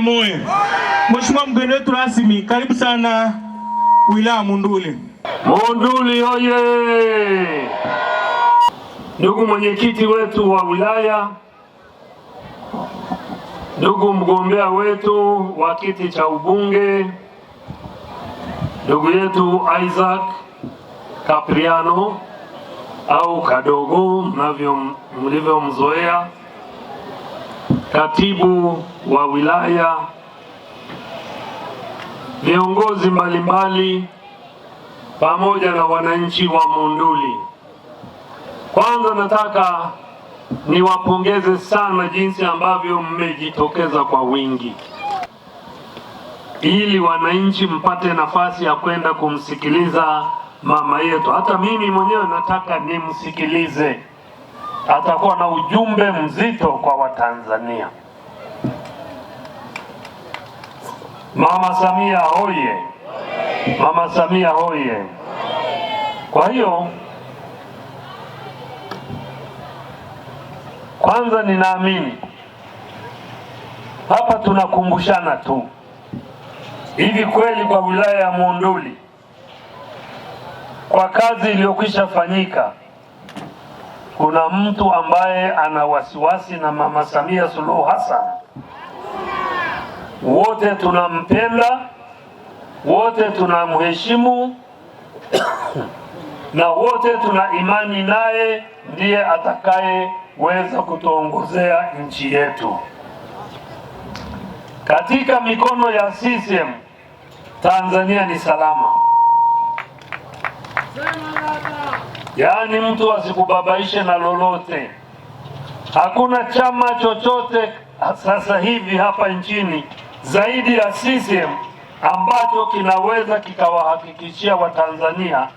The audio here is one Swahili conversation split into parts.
Moye. Mheshimiwa mgeni wetu rasmi, karibu sana wilaya Munduli. Munduli oye! Ndugu mwenyekiti wetu wa wilaya, ndugu mgombea wetu wa kiti cha ubunge, ndugu yetu Isaac Capriano au Kadogo mnavyomlivyo mzoea katibu wa wilaya, viongozi mbalimbali pamoja na wananchi wa Monduli. Kwanza nataka niwapongeze sana jinsi ambavyo mmejitokeza kwa wingi ili wananchi mpate nafasi ya kwenda kumsikiliza mama yetu. Hata mimi mwenyewe nataka nimsikilize atakuwa na ujumbe mzito kwa Watanzania. Mama Samia hoye! Mama Samia hoye! Kwa hiyo kwanza, ninaamini hapa tunakumbushana tu hivi kweli, kwa wilaya ya Monduli kwa kazi iliyokwisha fanyika kuna mtu ambaye ana wasiwasi na Mama Samia Suluhu Hassan. Wote tunampenda, wote tunamheshimu na wote tuna imani naye ndiye atakayeweza kutuongozea nchi yetu. Katika mikono ya CCM Tanzania ni salama yaani mtu asikubabaishe na lolote. Hakuna chama chochote sasa hivi hapa nchini zaidi ya CCM ambacho kinaweza kikawahakikishia Watanzania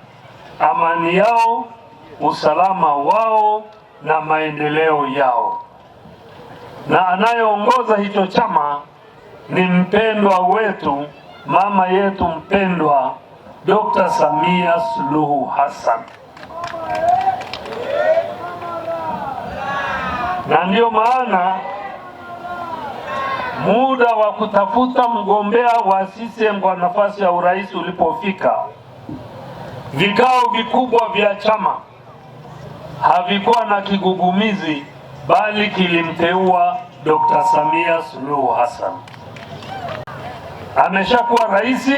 amani yao, usalama wao na maendeleo yao, na anayeongoza hicho chama ni mpendwa wetu, mama yetu mpendwa, Dr. Samia Suluhu Hassan na ndiyo maana muda wa kutafuta mgombea wa CCM kwa nafasi ya urais ulipofika, vikao vikubwa vya chama havikuwa na kigugumizi, bali kilimteua Dr. Samia Suluhu Hassan. Ameshakuwa rais,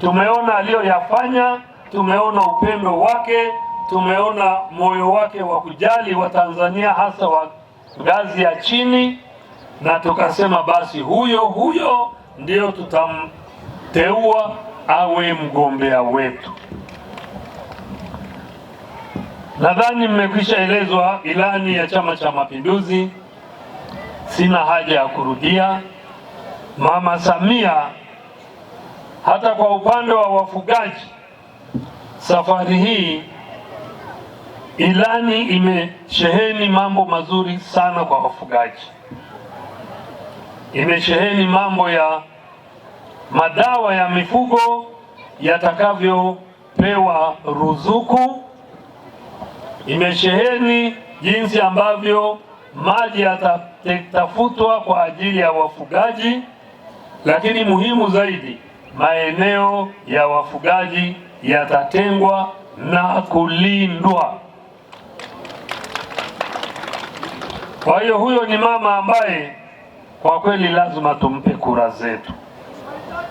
tumeona aliyoyafanya, tumeona upendo wake tumeona moyo wake wa kujali Watanzania hasa wa ngazi ya chini, na tukasema basi huyo huyo ndio tutamteua awe mgombea wetu. Nadhani mmekwisha elezwa ilani ya Chama cha Mapinduzi, sina haja ya kurudia. Mama Samia hata kwa upande wa wafugaji safari hii Ilani imesheheni mambo mazuri sana kwa wafugaji, imesheheni mambo ya madawa ya mifugo yatakavyopewa ruzuku, imesheheni jinsi ambavyo maji yatatafutwa kwa ajili ya wafugaji, lakini muhimu zaidi, maeneo ya wafugaji yatatengwa na kulindwa. Kwa hiyo huyo ni mama ambaye kwa kweli lazima tumpe kura zetu.